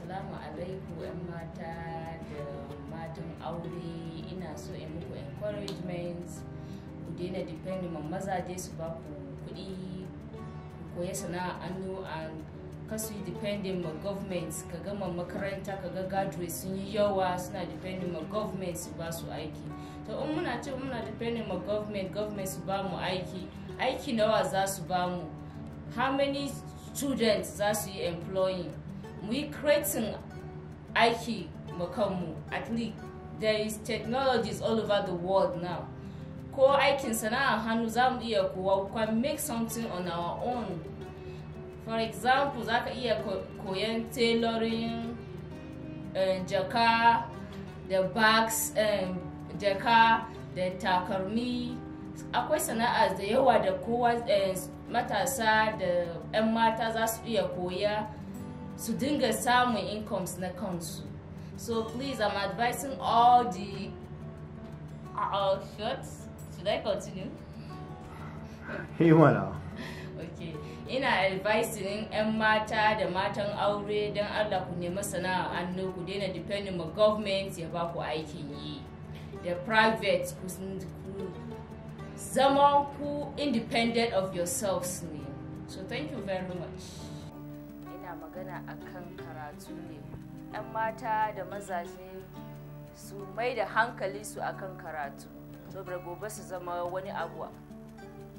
Salamu alaikum 'yan mata da matan aure ina so in muku encouragement ku daina depending on mazaje su ba ku kuɗi ku koya sana'annu a kasu yi depending on government ka gama makaranta ka ga graduate sun yi yawa suna depending on government su ba su aiki to in muna ce muna depending on government government su ba mu aiki aiki nawa za su ba mu how many students za su yi employing We creating aiki mu at least there is technologies all over the world now ko aikin sana'ar hannu za mu iya make something on our own for example za ka iya koyan tailoring jaka the bags jaka da eh, takarmi akwai as the yawa da kowa eh, matasa the mata za su iya su dinga samun incomes na kansu so please i'm advising all the uh, uh shots should i continue he went okay ina advising 'yan mata da matan aure don allah ku nemi sana'a hannu ku daina depending ma government ya ba ku aikin yi the private ku zama ku independent of yourselves ne so thank you very much yana magana akan karatu ne 'yan mata da mazaje su mai da hankali su akan karatu saboda gobe su zama wani abu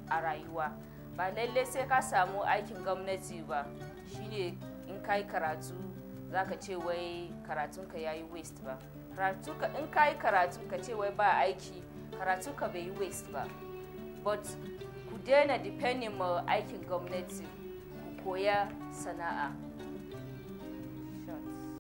a rayuwa ba lallai sai ka samu aikin gwamnati ba shine in ka yi karatu za ka ce wai karatunka ya yi waste ba in ka yi karatu ka ce wai ba aiki karatunka bai yi waste ba but ku daina depending ma aikin gwamnati apoya sana'a.